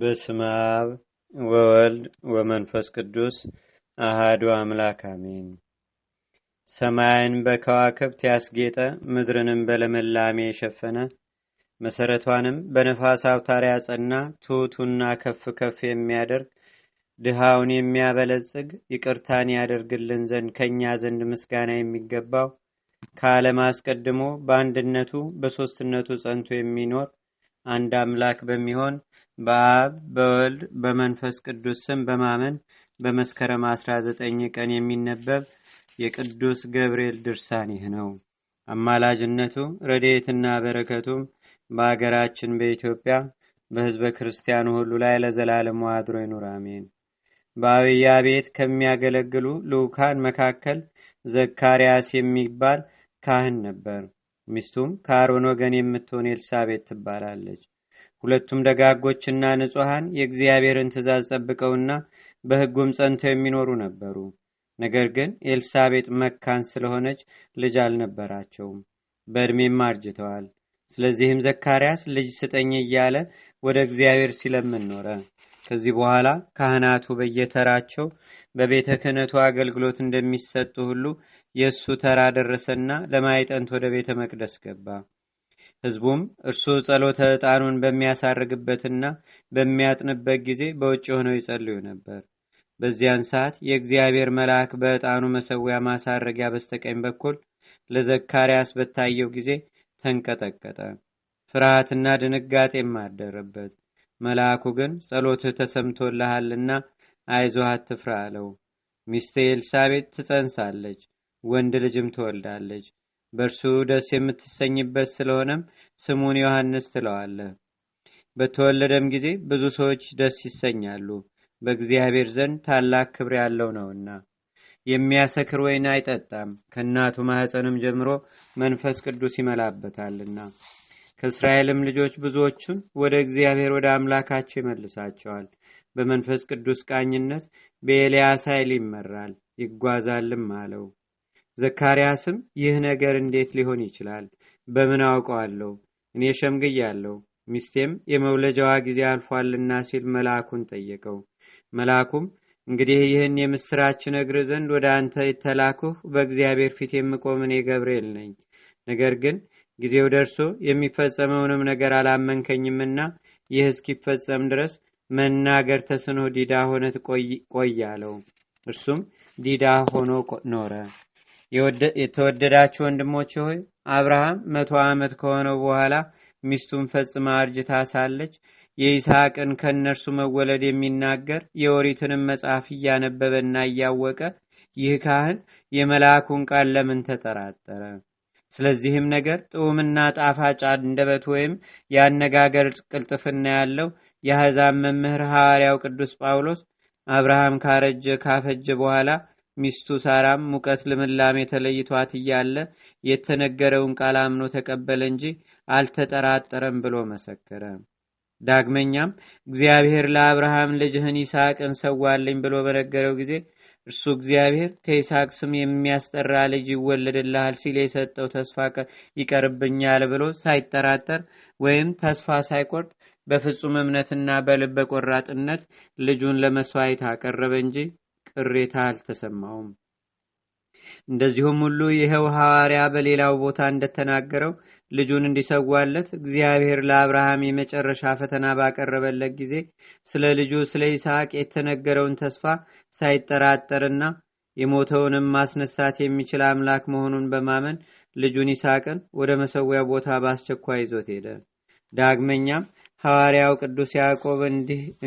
በስመ አብ ወወልድ ወመንፈስ ቅዱስ አህዱ አምላክ አሜን። ሰማይን በከዋክብት ያስጌጠ ምድርንም በለመላሜ የሸፈነ መሰረቷንም በነፋስ አውታር ያጸና ትሑቱና ከፍ ከፍ የሚያደርግ ድሃውን የሚያበለጽግ ይቅርታን ያደርግልን ዘንድ ከእኛ ዘንድ ምስጋና የሚገባው ከዓለም አስቀድሞ በአንድነቱ በሦስትነቱ ጸንቶ የሚኖር አንድ አምላክ በሚሆን በአብ በወልድ በመንፈስ ቅዱስ ስም በማመን በመስከረም 19 ቀን የሚነበብ የቅዱስ ገብርኤል ድርሳን ይህ ነው። አማላጅነቱ ረዴትና በረከቱም በአገራችን በኢትዮጵያ በህዝበ ክርስቲያኑ ሁሉ ላይ ለዘላለሙ አድሮ ይኑር፣ አሜን። በአብያ ቤት ከሚያገለግሉ ልዑካን መካከል ዘካርያስ የሚባል ካህን ነበር። ሚስቱም ከአሮን ወገን የምትሆን ኤልሳቤት ትባላለች። ሁለቱም ደጋጎችና ንጹሐን የእግዚአብሔርን ትእዛዝ ጠብቀውና በሕጉም ጸንተው የሚኖሩ ነበሩ። ነገር ግን ኤልሳቤጥ መካን ስለሆነች ልጅ አልነበራቸውም፣ በዕድሜም አርጅተዋል። ስለዚህም ዘካርያስ ልጅ ስጠኝ እያለ ወደ እግዚአብሔር ሲለምን ኖረ። ከዚህ በኋላ ካህናቱ በየተራቸው በቤተ ክህነቱ አገልግሎት እንደሚሰጡ ሁሉ የእሱ ተራ ደረሰና ለማይጠንት ወደ ቤተ መቅደስ ገባ። ህዝቡም እርሱ ጸሎተ ዕጣኑን በሚያሳርግበትና በሚያጥንበት ጊዜ በውጭ ሆነው ይጸልዩ ነበር። በዚያን ሰዓት የእግዚአብሔር መልአክ በዕጣኑ መሰዊያ ማሳረጊያ በስተቀኝ በኩል ለዘካርያስ በታየው ጊዜ ተንቀጠቀጠ። ፍርሃትና ድንጋጤ ማደረበት መልአኩ ግን ጸሎትህ ተሰምቶልሃልና አይዞሃት ትፍራ አለው። ሚስቴ ኤልሳቤት ትጸንሳለች፣ ወንድ ልጅም ትወልዳለች በእርሱ ደስ የምትሰኝበት ስለሆነም ስሙን ዮሐንስ ትለዋለ። በተወለደም ጊዜ ብዙ ሰዎች ደስ ይሰኛሉ፣ በእግዚአብሔር ዘንድ ታላቅ ክብር ያለው ነውና። የሚያሰክር ወይን አይጠጣም፣ ከእናቱ ማህፀንም ጀምሮ መንፈስ ቅዱስ ይመላበታልና። ከእስራኤልም ልጆች ብዙዎቹን ወደ እግዚአብሔር ወደ አምላካቸው ይመልሳቸዋል። በመንፈስ ቅዱስ ቃኝነት በኤልያስ ኃይል ይመራል ይጓዛልም አለው። ዘካርያስም ይህ ነገር እንዴት ሊሆን ይችላል? በምን አውቀዋለሁ? እኔ ሸምግያለሁ፣ ሚስቴም የመውለጃዋ ጊዜ አልፏልና ሲል መልአኩን ጠየቀው። መልአኩም እንግዲህ ይህን የምስራች ነግር ዘንድ ወደ አንተ የተላኩህ በእግዚአብሔር ፊት የምቆም እኔ ገብርኤል ነኝ። ነገር ግን ጊዜው ደርሶ የሚፈጸመውንም ነገር አላመንከኝምና ይህ እስኪፈጸም ድረስ መናገር ተስኖ ዲዳ ሆነ ቆይ አለው። እርሱም ዲዳ ሆኖ ኖረ። የተወደዳችሁ ወንድሞች ሆይ አብርሃም መቶ ዓመት ከሆነው በኋላ ሚስቱን ፈጽማ አርጅታ ሳለች የይስሐቅን ከእነርሱ መወለድ የሚናገር የወሪትንም መጽሐፍ እያነበበና እያወቀ ይህ ካህን የመልአኩን ቃል ለምን ተጠራጠረ? ስለዚህም ነገር ጥዑምና ጣፋጭ አንደበት ወይም የአነጋገር ቅልጥፍና ያለው የአሕዛብ መምህር ሐዋርያው ቅዱስ ጳውሎስ አብርሃም ካረጀ ካፈጀ በኋላ ሚስቱ ሳራም ሙቀት ልምላሜ ተለይቷት እያለ የተነገረውን ቃል አምኖ ተቀበለ እንጂ አልተጠራጠረም ብሎ መሰከረ። ዳግመኛም እግዚአብሔር ለአብርሃም ልጅህን ይስሐቅን ሰዋልኝ ብሎ በነገረው ጊዜ እርሱ እግዚአብሔር ከይስሐቅ ስም የሚያስጠራ ልጅ ይወለድልሃል ሲል የሰጠው ተስፋ ይቀርብኛል ብሎ ሳይጠራጠር ወይም ተስፋ ሳይቆርጥ በፍጹም እምነትና በልበ ቆራጥነት ልጁን ለመስዋዕት አቀረበ እንጂ እሬታ አልተሰማውም። እንደዚሁም ሁሉ ይኸው ሐዋርያ በሌላው ቦታ እንደተናገረው ልጁን እንዲሰዋለት እግዚአብሔር ለአብርሃም የመጨረሻ ፈተና ባቀረበለት ጊዜ ስለ ልጁ ስለ ይስሐቅ የተነገረውን ተስፋ ሳይጠራጠርና የሞተውንም ማስነሳት የሚችል አምላክ መሆኑን በማመን ልጁን ይስሐቅን ወደ መሰዊያ ቦታ በአስቸኳይ ይዞት ሄደ። ዳግመኛም ሐዋርያው ቅዱስ ያዕቆብ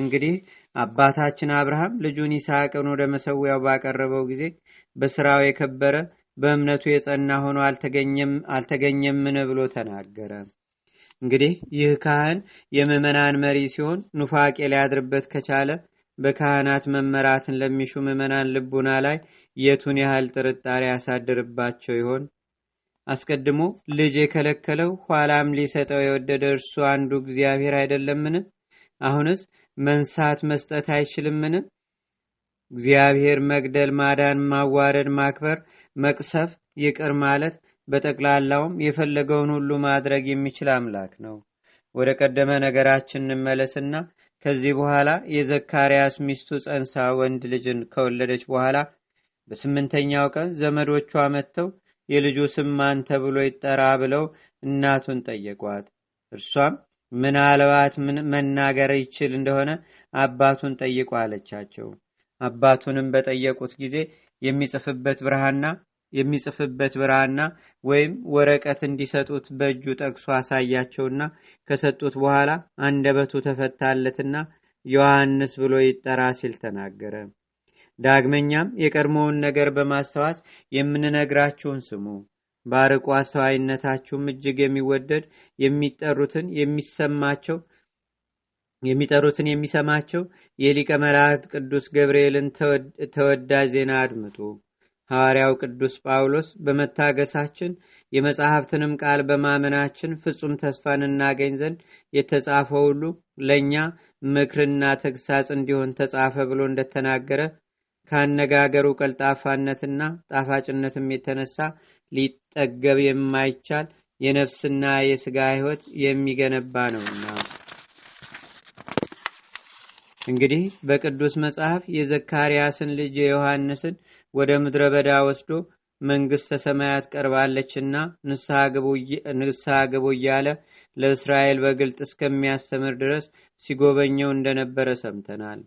እንግዲህ አባታችን አብርሃም ልጁን ይስሐቅን ወደ መሰዊያው ባቀረበው ጊዜ በሥራው የከበረ በእምነቱ የጸና ሆኖ አልተገኘምን ብሎ ተናገረ። እንግዲህ ይህ ካህን የምዕመናን መሪ ሲሆን ኑፋቄ ሊያድርበት ከቻለ በካህናት መመራትን ለሚሹ ምዕመናን ልቡና ላይ የቱን ያህል ጥርጣሬ ያሳድርባቸው ይሆን? አስቀድሞ ልጅ የከለከለው ኋላም ሊሰጠው የወደደ እርሱ አንዱ እግዚአብሔር አይደለምን? አሁንስ መንሳት መስጠት አይችልምን? እግዚአብሔር መግደል፣ ማዳን፣ ማዋረድ፣ ማክበር፣ መቅሰፍ፣ ይቅር ማለት በጠቅላላውም የፈለገውን ሁሉ ማድረግ የሚችል አምላክ ነው። ወደ ቀደመ ነገራችን እንመለስና ከዚህ በኋላ የዘካርያስ ሚስቱ ጸንሳ ወንድ ልጅን ከወለደች በኋላ በስምንተኛው ቀን ዘመዶቿ መጥተው የልጁ ስም ማን ተብሎ ይጠራ ብለው እናቱን ጠየቋት። እርሷም ምናልባት መናገር ይችል እንደሆነ አባቱን ጠይቁ አለቻቸው። አባቱንም በጠየቁት ጊዜ የሚጽፍበት ብርሃና የሚጽፍበት ብርሃና ወይም ወረቀት እንዲሰጡት በእጁ ጠቅሶ አሳያቸውና ከሰጡት በኋላ አንደበቱ ተፈታለትና ዮሐንስ ብሎ ይጠራ ሲል ተናገረ። ዳግመኛም የቀድሞውን ነገር በማስታወስ የምንነግራችሁን ስሙ በአርቆ አስተዋይነታችሁም እጅግ የሚወደድ የሚጠሩትን የሚሰማቸው የሚጠሩትን የሚሰማቸው የሊቀ መላእክት ቅዱስ ገብርኤልን ተወዳጅ ዜና አድምጡ። ሐዋርያው ቅዱስ ጳውሎስ በመታገሳችን የመጽሐፍትንም ቃል በማመናችን ፍጹም ተስፋን እናገኝ ዘንድ የተጻፈው ሁሉ ለእኛ ምክርና ተግሳጽ እንዲሆን ተጻፈ ብሎ እንደተናገረ ከአነጋገሩ ቀልጣፋነትና ጣፋጭነትም የተነሳ ሊጠገብ የማይቻል የነፍስና የስጋ ህይወት የሚገነባ ነውና እንግዲህ በቅዱስ መጽሐፍ የዘካርያስን ልጅ የዮሐንስን ወደ ምድረ በዳ ወስዶ መንግሥተ ሰማያት ቀርባለችና ንስሐ ግቡ እያለ ለእስራኤል በግልጥ እስከሚያስተምር ድረስ ሲጎበኘው እንደነበረ ሰምተናል።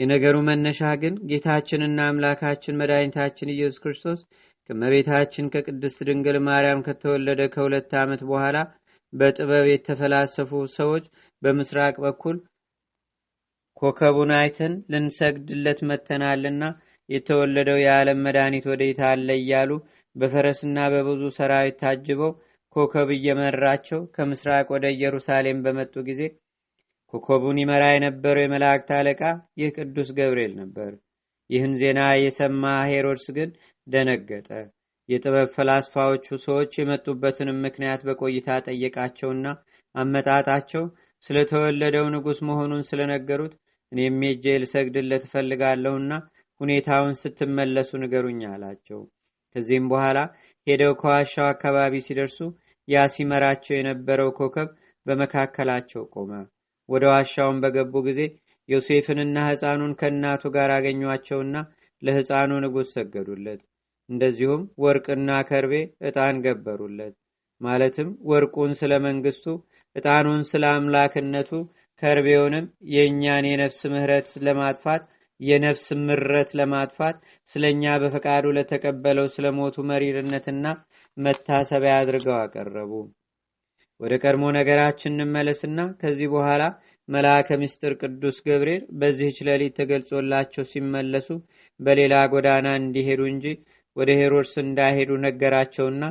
የነገሩ መነሻ ግን ጌታችንና አምላካችን መድኃኒታችን ኢየሱስ ክርስቶስ ከመቤታችን ከቅድስት ድንግል ማርያም ከተወለደ ከሁለት ዓመት በኋላ በጥበብ የተፈላሰፉ ሰዎች በምስራቅ በኩል ኮከቡን አይተን ልንሰግድለት መተናልና የተወለደው የዓለም መድኃኒት ወዴት አለ እያሉ በፈረስና በብዙ ሰራዊት ታጅበው ኮከብ እየመራቸው ከምስራቅ ወደ ኢየሩሳሌም በመጡ ጊዜ ኮከቡን ይመራ የነበረው የመላእክት አለቃ ይህ ቅዱስ ገብርኤል ነበር። ይህን ዜና የሰማ ሄሮድስ ግን ደነገጠ። የጥበብ ፈላስፋዎቹ ሰዎች የመጡበትንም ምክንያት በቆይታ ጠየቃቸውና አመጣጣቸው ስለተወለደው ንጉሥ መሆኑን ስለነገሩት እኔም ሄጄ ልሰግድለት እፈልጋለሁና ሁኔታውን ስትመለሱ ንገሩኝ አላቸው። ከዚህም በኋላ ሄደው ከዋሻው አካባቢ ሲደርሱ ያ ሲመራቸው የነበረው ኮከብ በመካከላቸው ቆመ። ወደ ዋሻውን በገቡ ጊዜ ዮሴፍንና ሕፃኑን ከእናቱ ጋር አገኟቸውና ለሕፃኑ ንጉሥ ሰገዱለት። እንደዚሁም ወርቅና ከርቤ ዕጣን ገበሩለት። ማለትም ወርቁን ስለ መንግሥቱ፣ ዕጣኑን ስለ አምላክነቱ፣ ከርቤውንም የእኛን የነፍስ ምሕረት ለማጥፋት የነፍስ ምረት ለማጥፋት ስለ እኛ በፈቃዱ ለተቀበለው ስለ ሞቱ መሪርነትና መታሰቢያ አድርገው አቀረቡ። ወደ ቀድሞ ነገራችን እንመለስና ከዚህ በኋላ መልአከ ምስጢር ቅዱስ ገብርኤል በዚህች ሌሊት ተገልጾላቸው ሲመለሱ በሌላ ጎዳና እንዲሄዱ እንጂ ወደ ሄሮድስ እንዳይሄዱ ነገራቸውና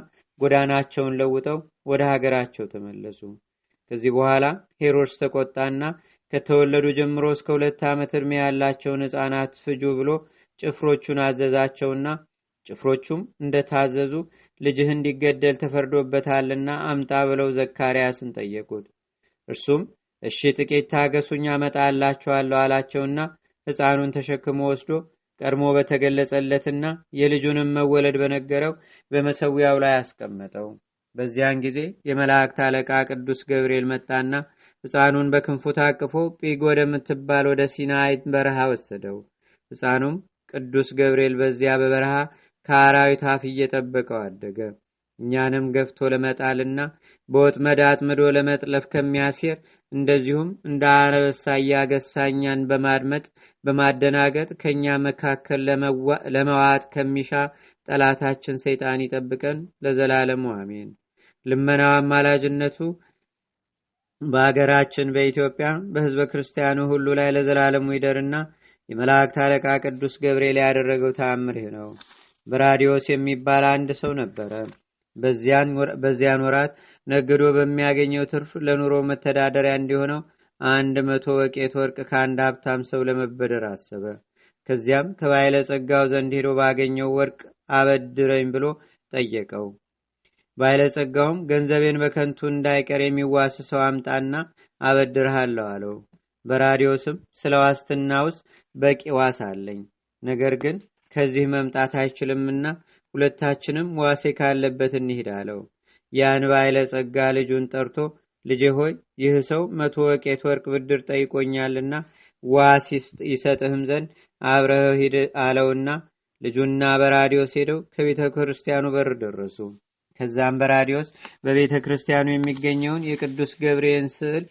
ጎዳናቸውን ለውጠው ወደ ሀገራቸው ተመለሱ። ከዚህ በኋላ ሄሮድስ ተቆጣና ከተወለዱ ጀምሮ እስከ ሁለት ዓመት ዕድሜ ያላቸውን ሕፃናት ፍጁ ብሎ ጭፍሮቹን አዘዛቸውና ጭፍሮቹም እንደታዘዙ ልጅህ እንዲገደል ተፈርዶበታልና አምጣ ብለው ዘካርያስን ጠየቁት። እርሱም እሺ ጥቂት ታገሱኝ አመጣላችኋለሁ አላቸውና ሕፃኑን ተሸክሞ ወስዶ ቀድሞ በተገለጸለትና የልጁንም መወለድ በነገረው በመሰዊያው ላይ አስቀመጠው። በዚያን ጊዜ የመላእክት አለቃ ቅዱስ ገብርኤል መጣና ሕፃኑን በክንፉ ታቅፎ ጲግ ወደምትባል ወደ ሲናይት በረሃ ወሰደው። ሕፃኑም ቅዱስ ገብርኤል በዚያ በበረሃ ከአራዊት አፍ እየጠበቀው አደገ። እኛንም ገፍቶ ለመጣልና በወጥመድ አጥምዶ ለመጥለፍ ከሚያሴር እንደዚሁም እንደ አንበሳ እያገሳ በማድመጥ በማደናገጥ ከእኛ መካከል ለመዋጥ ከሚሻ ጠላታችን ሰይጣን ይጠብቀን ለዘላለሙ አሜን። ልመናው አማላጅነቱ በሀገራችን በኢትዮጵያ በሕዝበ ክርስቲያኑ ሁሉ ላይ ለዘላለሙ ይደርና የመላእክት አለቃ ቅዱስ ገብርኤል ያደረገው ተአምር ነው። በራዲዮስ የሚባል አንድ ሰው ነበረ። በዚያን ወራት ነግዶ በሚያገኘው ትርፍ ለኑሮ መተዳደሪያ እንዲሆነው አንድ መቶ ወቄት ወርቅ ከአንድ ሀብታም ሰው ለመበደር አሰበ። ከዚያም ከባይለ ጸጋው ዘንድ ሄዶ ባገኘው ወርቅ አበድረኝ ብሎ ጠየቀው። ባይለጸጋውም ገንዘቤን በከንቱ እንዳይቀር ሰው አምጣና አበድርሃለሁ አለው። በራዲዮስም ስለ ዋስትና ውስጥ በቂ ዋስ አለኝ፣ ነገር ግን ከዚህ መምጣት አይችልምና ሁለታችንም ዋሴ ካለበት እንሂድ አለው። ያን ጸጋ ልጁን ጠርቶ ልጄ ሆይ ይህ ሰው መቶ ወቄት ወርቅ ብድር ጠይቆኛልና ዋስ ይሰጥህም ዘንድ አብረህ ሂድ አለውና ልጁና በራዲዮስ ሄደው ከቤተ ክርስቲያኑ በር ደረሱ። ከዛም በራዲዮስ በቤተ ክርስቲያኑ የሚገኘውን የቅዱስ ገብርኤን ስዕል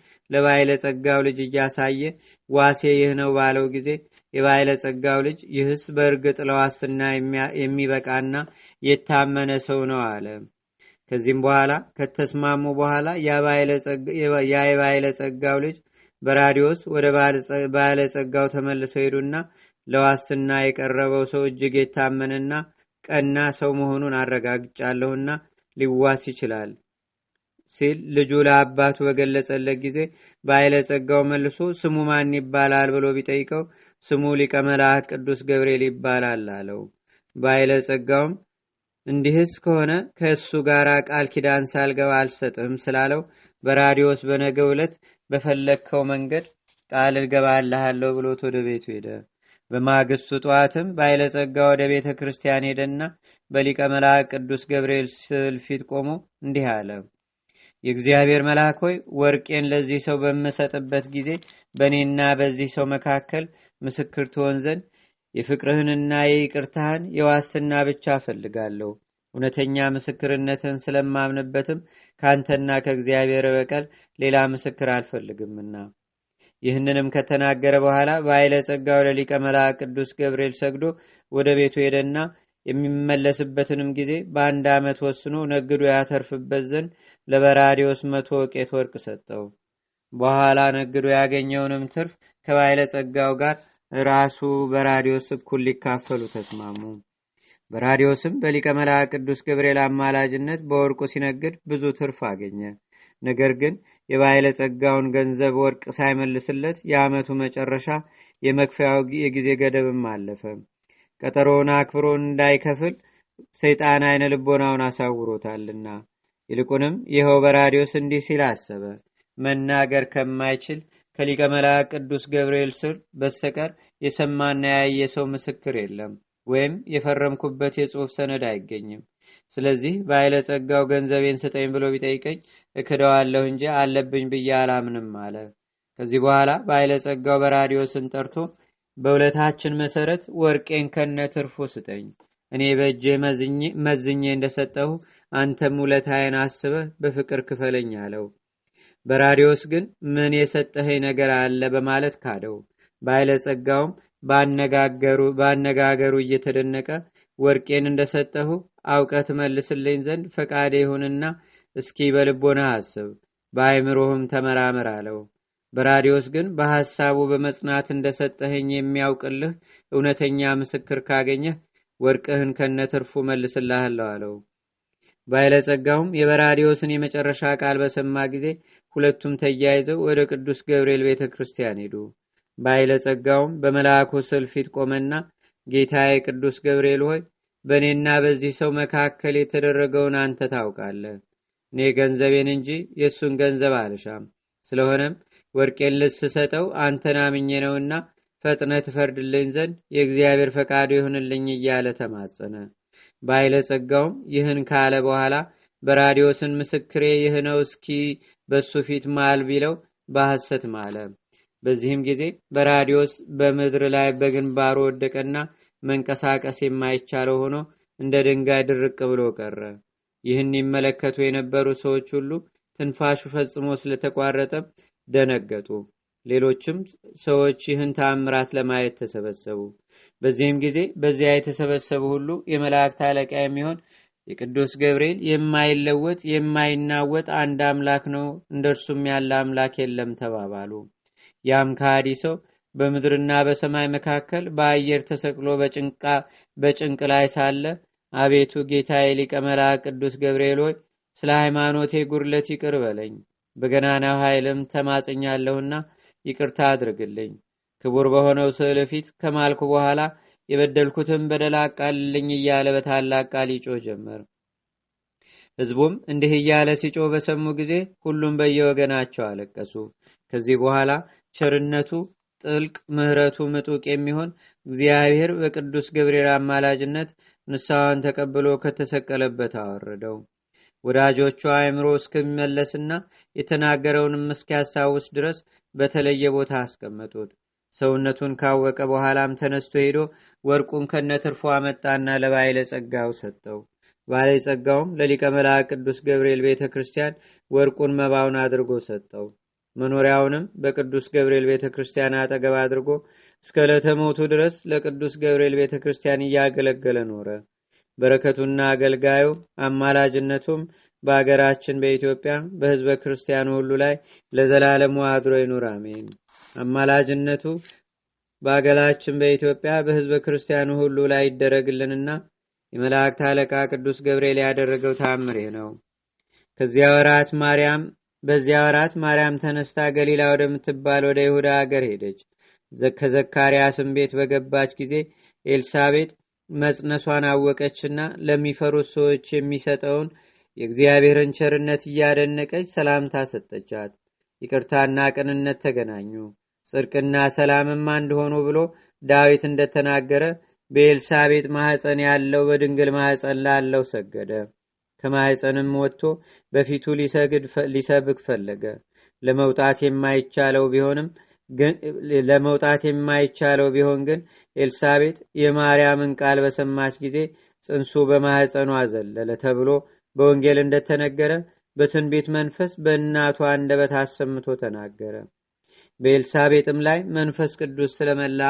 ጸጋው ልጅ እያሳየ ዋሴ ይህ ነው ባለው ጊዜ ጸጋው ልጅ ይህስ በእርግጥ ለዋስትና የሚበቃና የታመነ ሰው ነው አለ። ከዚህም በኋላ ከተስማሙ በኋላ ያ ጸጋው ልጅ በራዲዮስ ወደ ባለ ጸጋው ተመልሰው ሄዱና ለዋስትና የቀረበው ሰው እጅግ የታመነና ቀና ሰው መሆኑን አረጋግጫለሁና ሊዋስ ይችላል ሲል ልጁ ለአባቱ በገለጸለት ጊዜ ጸጋው መልሶ ስሙ ማን ይባላል ብሎ ቢጠይቀው ስሙ ሊቀ መላእክት ቅዱስ ገብርኤል ይባላል አለው። ባይለ ጸጋውም እንዲህስ ከሆነ ከእሱ ጋር ቃል ኪዳን ሳልገባ አልሰጥም ስላለው በራዲዮስ በነገ ዕለት በፈለግከው መንገድ ቃል እገባልሃለሁ ብሎት ወደ ቤቱ ሄደ። በማግስቱ ጠዋትም ባይለጸጋ ወደ ቤተ ክርስቲያን ሄደና በሊቀ መልአክ ቅዱስ ገብርኤል ስዕል ፊት ቆሞ እንዲህ አለ። የእግዚአብሔር መልአክ ሆይ ወርቄን ለዚህ ሰው በምሰጥበት ጊዜ በእኔና በዚህ ሰው መካከል ምስክር ትሆን ዘንድ የፍቅርህንና የይቅርታህን የዋስትና ብቻ እፈልጋለሁ። እውነተኛ ምስክርነትን ስለማምንበትም ከአንተና ከእግዚአብሔር በቀል ሌላ ምስክር አልፈልግምና። ይህንንም ከተናገረ በኋላ በኃይለ ጸጋው ለሊቀ መልአክ ቅዱስ ገብርኤል ሰግዶ ወደ ቤቱ ሄደና የሚመለስበትንም ጊዜ በአንድ ዓመት ወስኖ ነግዶ ያተርፍበት ዘንድ ለበራዲዎስ መቶ ወቄት ወርቅ ሰጠው። በኋላ ነግዶ ያገኘውንም ትርፍ ከባይለ ጸጋው ጋር ራሱ በራዲዮስ እኩል ሊካፈሉ ተስማሙ። በራዲዮስም በሊቀ መልአክ ቅዱስ ገብርኤል አማላጅነት በወርቁ ሲነግድ ብዙ ትርፍ አገኘ። ነገር ግን ጸጋውን ገንዘብ ወርቅ ሳይመልስለት የዓመቱ መጨረሻ የመክፈያው የጊዜ ገደብም አለፈ። ቀጠሮውን አክብሮ እንዳይከፍል ሰይጣን አይነ ልቦናውን አሳውሮታልና። ይልቁንም ይኸው በራዲዮስ እንዲህ ሲል አሰበ መናገር ከማይችል ከሊቀ መልአክ ቅዱስ ገብርኤል ስር በስተቀር የሰማና ያየ ሰው ምስክር የለም ወይም የፈረምኩበት የጽሑፍ ሰነድ አይገኝም። ስለዚህ በኃይለ ጸጋው ገንዘቤን ስጠኝ ብሎ ቢጠይቀኝ እክደዋለሁ እንጂ አለብኝ ብዬ አላምንም አለ። ከዚህ በኋላ በኃይለ ጸጋው በራዲዮ ስንጠርቶ በውለታችን መሰረት ወርቄን ከነ ትርፎ ስጠኝ፣ እኔ በእጄ መዝኜ እንደሰጠሁ አንተም ውለታዬን አስበህ በፍቅር ክፈለኝ አለው። በራዲዮስ ግን ምን የሰጠኸኝ ነገር አለ በማለት ካደው። ባይለጸጋውም በአነጋገሩ እየተደነቀ ወርቄን እንደሰጠሁ አውቀት መልስልኝ ዘንድ ፈቃድ ይሁንና እስኪ በልቦና አስብ፣ በአይምሮህም ተመራምር አለው። በራዲዮስ ግን በሐሳቡ በመጽናት እንደሰጠኸኝ የሚያውቅልህ እውነተኛ ምስክር ካገኘህ ወርቅህን ከነትርፉ መልስልሃለሁ አለው። ባይለጸጋውም የበራዲዮስን የመጨረሻ ቃል በሰማ ጊዜ ሁለቱም ተያይዘው ወደ ቅዱስ ገብርኤል ቤተ ክርስቲያን ሄዱ። ባይለ ጸጋውም በመልአኩ ስዕል ፊት ቆመና ጌታዬ ቅዱስ ገብርኤል ሆይ በእኔና በዚህ ሰው መካከል የተደረገውን አንተ ታውቃለህ። እኔ ገንዘቤን እንጂ የእሱን ገንዘብ አልሻም። ስለሆነም ወርቄን ልስሰጠው አንተን አምኜ ነውና ፈጥነ ትፈርድልኝ ዘንድ የእግዚአብሔር ፈቃዱ ይሁንልኝ እያለ ተማጸነ። ባይለ ጸጋውም ይህን ካለ በኋላ በራዲዮስን ምስክሬ ይህ ነው እስኪ በሱ ፊት ማል ቢለው በሐሰት ማለ። በዚህም ጊዜ በራዲዮስ በምድር ላይ በግንባሩ ወደቀና መንቀሳቀስ የማይቻለው ሆኖ እንደ ድንጋይ ድርቅ ብሎ ቀረ። ይህን ይመለከቱ የነበሩ ሰዎች ሁሉ ትንፋሹ ፈጽሞ ስለተቋረጠ ደነገጡ። ሌሎችም ሰዎች ይህን ተአምራት ለማየት ተሰበሰቡ። በዚህም ጊዜ በዚያ የተሰበሰቡ ሁሉ የመላእክት አለቃ የሚሆን የቅዱስ ገብርኤል የማይለወጥ የማይናወጥ አንድ አምላክ ነው፣ እንደርሱም ያለ አምላክ የለም ተባባሉ። ያም ከሃዲ ሰው በምድርና በሰማይ መካከል በአየር ተሰቅሎ በጭንቅ ላይ ሳለ አቤቱ ጌታ ሊቀ መላእክት ቅዱስ ገብርኤል ሆይ ስለ ሃይማኖቴ ጉርለት ይቅር በለኝ፣ በገናናው ኃይልም ተማጽኛለሁና ይቅርታ አድርግልኝ። ክቡር በሆነው ስዕል ፊት ከማልኩ በኋላ የበደልኩትም በደል አቃልልኝ እያለ በታላቅ ቃል ይጮ ጀመር። ሕዝቡም እንዲህ እያለ ሲጮ በሰሙ ጊዜ ሁሉም በየወገናቸው አለቀሱ። ከዚህ በኋላ ቸርነቱ ጥልቅ ምህረቱ ምጡቅ የሚሆን እግዚአብሔር በቅዱስ ገብርኤል አማላጅነት ንሳዋን ተቀብሎ ከተሰቀለበት አወረደው። ወዳጆቹ አእምሮ እስከሚመለስና የተናገረውንም እስኪያስታውስ ድረስ በተለየ ቦታ አስቀመጡት። ሰውነቱን ካወቀ በኋላም ተነስቶ ሄዶ ወርቁን ከነትርፎ አመጣና ለባይለ ጸጋው ሰጠው። ጸጋውም ለሊቀ መልአክ ቅዱስ ገብርኤል ቤተ ክርስቲያን ወርቁን መባውን አድርጎ ሰጠው። መኖሪያውንም በቅዱስ ገብርኤል ቤተ ክርስቲያን አጠገብ አድርጎ እስከ ለተሞቱ ድረስ ለቅዱስ ገብርኤል ቤተ ክርስቲያን እያገለገለ ኖረ። በረከቱና አገልጋዩ አማላጅነቱም በአገራችን በኢትዮጵያ በህዝበ ክርስቲያኑ ሁሉ ላይ ለዘላለሙ አድሮ ይኑር። አሜን። አማላጅነቱ በአገላችን በኢትዮጵያ በህዝበ ክርስቲያኑ ሁሉ ላይ ይደረግልንና የመላእክት አለቃ ቅዱስ ገብርኤል ያደረገው ታምሬ ነው። ከዚያ ወራት ማርያም በዚያ ወራት ማርያም ተነስታ ገሊላ ወደምትባል ወደ ይሁዳ አገር ሄደች። ከዘካርያስም ቤት በገባች ጊዜ ኤልሳቤጥ መጽነሷን አወቀችና ለሚፈሩት ሰዎች የሚሰጠውን የእግዚአብሔርን ቸርነት እያደነቀች ሰላምታ ሰጠቻት። ይቅርታና ቅንነት ተገናኙ። ጽድቅና ሰላምም አንድ ሆኑ ብሎ ዳዊት እንደተናገረ በኤልሳቤጥ ማኅፀን ያለው በድንግል ማኅፀን ላለው ሰገደ። ከማኅፀንም ወጥቶ በፊቱ ሊሰብክ ፈለገ። ለመውጣት የማይቻለው ቢሆንም ለመውጣት የማይቻለው ቢሆን ግን ኤልሳቤጥ የማርያምን ቃል በሰማች ጊዜ ጽንሱ በማኅፀኗ ዘለለ ተብሎ በወንጌል እንደተነገረ በትንቢት መንፈስ በእናቷ አንደበት አሰምቶ ተናገረ። በኤልሳቤጥም ላይ መንፈስ ቅዱስ ስለመላ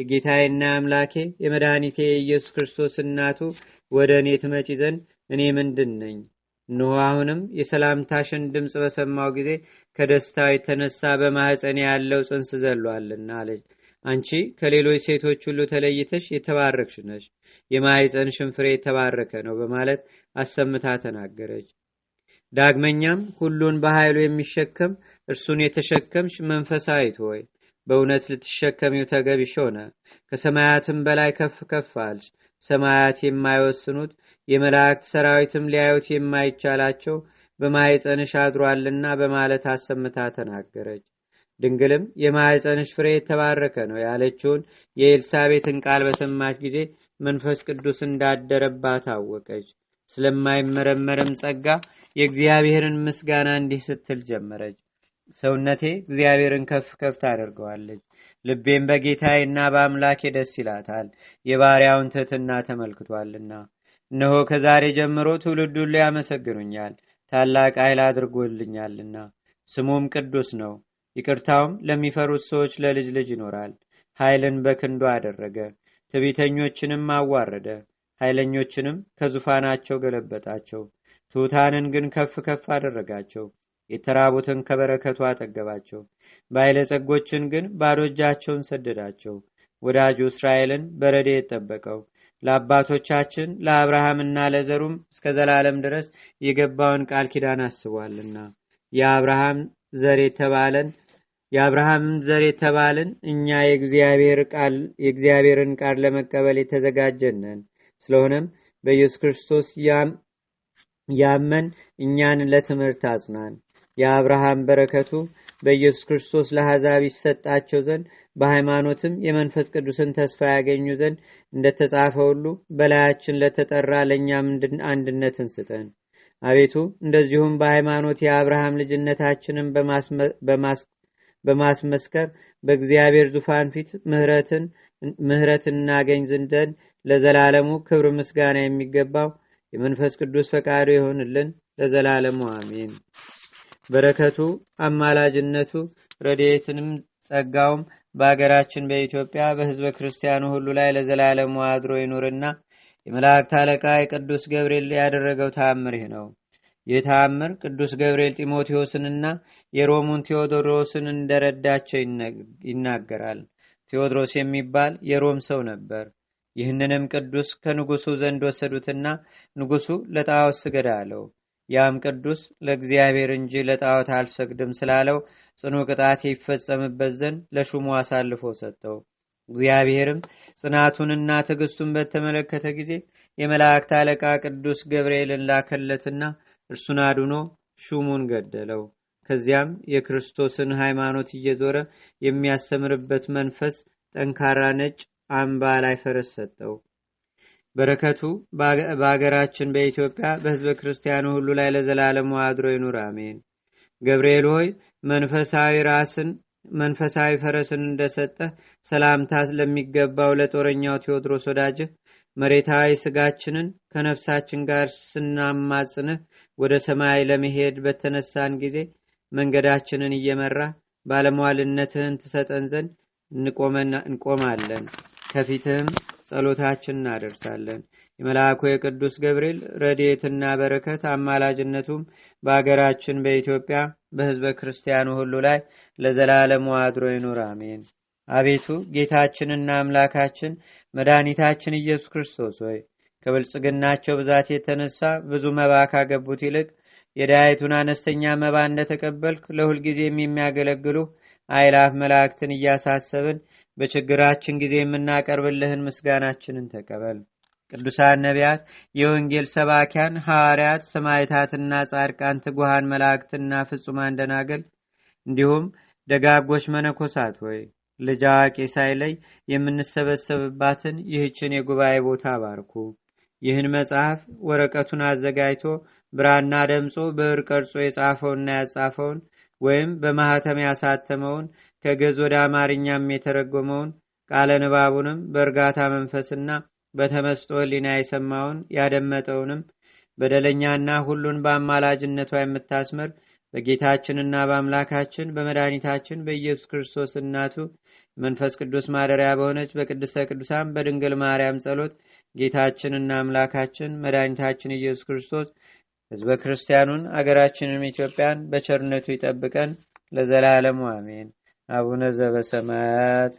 የጌታዬና አምላኬ የመድኃኒቴ የኢየሱስ ክርስቶስ እናቱ ወደ እኔ ትመጪ ዘንድ እኔ ምንድን ነኝ? እንሆ አሁንም የሰላምታሽን ድምፅ በሰማው ጊዜ ከደስታ የተነሳ በማኅፀኔ ያለው ጽንስ ዘሏልና አለች። አንቺ ከሌሎች ሴቶች ሁሉ ተለይተሽ የተባረክሽ ነች፣ የማኅፀንሽን ሽንፍሬ የተባረከ ነው በማለት አሰምታ ተናገረች። ዳግመኛም ሁሉን በኃይሉ የሚሸከም እርሱን የተሸከምሽ መንፈሳዊት ሆይ በእውነት ልትሸከሚው ተገቢሽ ሆነ። ከሰማያትም በላይ ከፍ ከፍ አልሽ። ሰማያት የማይወስኑት የመላእክት ሰራዊትም ሊያዩት የማይቻላቸው በማይፀንሽ አድሯልና በማለት አሰምታ ተናገረች። ድንግልም የማይፀንሽ ፍሬ የተባረከ ነው ያለችውን የኤልሳቤትን ቃል በሰማች ጊዜ መንፈስ ቅዱስ እንዳደረባት አወቀች። ስለማይመረመርም ጸጋ የእግዚአብሔርን ምስጋና እንዲህ ስትል ጀመረች። ሰውነቴ እግዚአብሔርን ከፍ ከፍ ታደርገዋለች፣ ልቤም እና በአምላኬ ደስ ይላታል፣ የባሪያውን ትሕትና ተመልክቷልና። እነሆ ከዛሬ ጀምሮ ትውልድ ሁሉ ያመሰግኑኛል፣ ታላቅ ኃይል አድርጎልኛልና። ስሙም ቅዱስ ነው፣ ይቅርታውም ለሚፈሩት ሰዎች ለልጅ ልጅ ይኖራል። ኃይልን በክንዱ አደረገ፣ ትቢተኞችንም አዋረደ፣ ኃይለኞችንም ከዙፋናቸው ገለበጣቸው። ትሑታንን ግን ከፍ ከፍ አደረጋቸው። የተራቡትን ከበረከቱ አጠገባቸው፣ ባለጸጎችን ግን ባዶ እጃቸውን ሰደዳቸው። ወዳጁ እስራኤልን በረዴ የጠበቀው ለአባቶቻችን ለአብርሃምና ለዘሩም እስከ ዘላለም ድረስ የገባውን ቃል ኪዳን አስቧልና የአብርሃም ዘር የተባለን ዘር የተባልን እኛ የእግዚአብሔርን ቃል ለመቀበል የተዘጋጀነን ስለሆነም በኢየሱስ ክርስቶስ ያመን እኛን ለትምህርት አጽናን። የአብርሃም በረከቱ በኢየሱስ ክርስቶስ ለአሕዛብ ይሰጣቸው ዘንድ በሃይማኖትም የመንፈስ ቅዱስን ተስፋ ያገኙ ዘንድ እንደተጻፈ ሁሉ በላያችን ለተጠራ ለእኛም አንድነትን ስጠን። አቤቱ እንደዚሁም በሃይማኖት የአብርሃም ልጅነታችንን በማስመስከር በእግዚአብሔር ዙፋን ፊት ምሕረትን እናገኝ ዘንድ ለዘላለሙ ክብር ምስጋና የሚገባው የመንፈስ ቅዱስ ፈቃዱ ይሆንልን ለዘላለሙ አሜን። በረከቱ አማላጅነቱ ረድኤትንም ጸጋውም በአገራችን በኢትዮጵያ በህዝበ ክርስቲያኑ ሁሉ ላይ ለዘላለሙ አድሮ ይኑርና የመላእክት አለቃ የቅዱስ ገብርኤል ያደረገው ተአምር ይህ ነው። ይህ ተአምር ቅዱስ ገብርኤል ጢሞቴዎስንና የሮሙን ቴዎድሮስን እንደረዳቸው ይናገራል። ቴዎድሮስ የሚባል የሮም ሰው ነበር። ይህንንም ቅዱስ ከንጉሱ ዘንድ ወሰዱትና ንጉሱ ለጣዖት ስገድ አለው። ያም ቅዱስ ለእግዚአብሔር እንጂ ለጣዖት አልሰግድም ስላለው ጽኑ ቅጣት ይፈጸምበት ዘንድ ለሹሙ አሳልፎ ሰጠው። እግዚአብሔርም ጽናቱንና ትዕግስቱን በተመለከተ ጊዜ የመላእክት አለቃ ቅዱስ ገብርኤልን ላከለትና እርሱን አድኖ ሹሙን ገደለው። ከዚያም የክርስቶስን ሃይማኖት እየዞረ የሚያስተምርበት መንፈስ ጠንካራ ነጭ አምባ ላይ ፈረስ ሰጠው። በረከቱ በአገራችን በኢትዮጵያ በሕዝበ ክርስቲያኑ ሁሉ ላይ ለዘላለሙ አድሮ ይኑር፣ አሜን። ገብርኤል ሆይ መንፈሳዊ ራስን መንፈሳዊ ፈረስን እንደሰጠ ሰላምታ ለሚገባው ለጦረኛው ቴዎድሮስ ወዳጅህ መሬታዊ ስጋችንን ከነፍሳችን ጋር ስናማጽንህ ወደ ሰማይ ለመሄድ በተነሳን ጊዜ መንገዳችንን እየመራ ባለሟልነትህን ትሰጠን ዘንድ እንቆማለን። ከፊትህም ጸሎታችን እናደርሳለን። የመልአኩ የቅዱስ ገብርኤል ረድኤትና በረከት አማላጅነቱም በአገራችን በኢትዮጵያ በህዝበ ክርስቲያኑ ሁሉ ላይ ለዘላለሙ አድሮ ይኑር፣ አሜን። አቤቱ ጌታችንና አምላካችን መድኃኒታችን ኢየሱስ ክርስቶስ ሆይ ከብልጽግናቸው ብዛት የተነሳ ብዙ መባ ካገቡት ይልቅ የዳያይቱን አነስተኛ መባ እንደተቀበልክ ለሁልጊዜም የሚያገለግሉ አይላፍ መላእክትን እያሳሰብን በችግራችን ጊዜ የምናቀርብልህን ምስጋናችንን ተቀበል። ቅዱሳን ነቢያት፣ የወንጌል ሰባኪያን ሐዋርያት፣ ሰማይታትና ጻድቃን፣ ትጉሃን መላእክትና ፍጹማን ደናገል እንዲሁም ደጋጎች መነኮሳት ሆይ ልጅ አዋቂ ሳይለይ የምንሰበሰብባትን ይህችን የጉባኤ ቦታ ባርኩ። ይህን መጽሐፍ ወረቀቱን አዘጋጅቶ ብራና ደምጾ ብዕር ቀርጾ የጻፈውና ያጻፈውን ወይም በማኅተም ያሳተመውን ከግዕዝ ወደ አማርኛም የተረጎመውን ቃለ ንባቡንም በእርጋታ መንፈስና በተመስጦ ሕሊና የሰማውን ያደመጠውንም በደለኛና ሁሉን በአማላጅነቷ የምታስምር በጌታችንና በአምላካችን በመድኃኒታችን በኢየሱስ ክርስቶስ እናቱ መንፈስ ቅዱስ ማደሪያ በሆነች በቅድስተ ቅዱሳን በድንግል ማርያም ጸሎት ጌታችንና አምላካችን መድኃኒታችን ኢየሱስ ክርስቶስ ህዝበ ክርስቲያኑን አገራችንም ኢትዮጵያን በቸርነቱ ይጠብቀን ለዘላለሙ አሜን። አቡነ ዘበሰማያት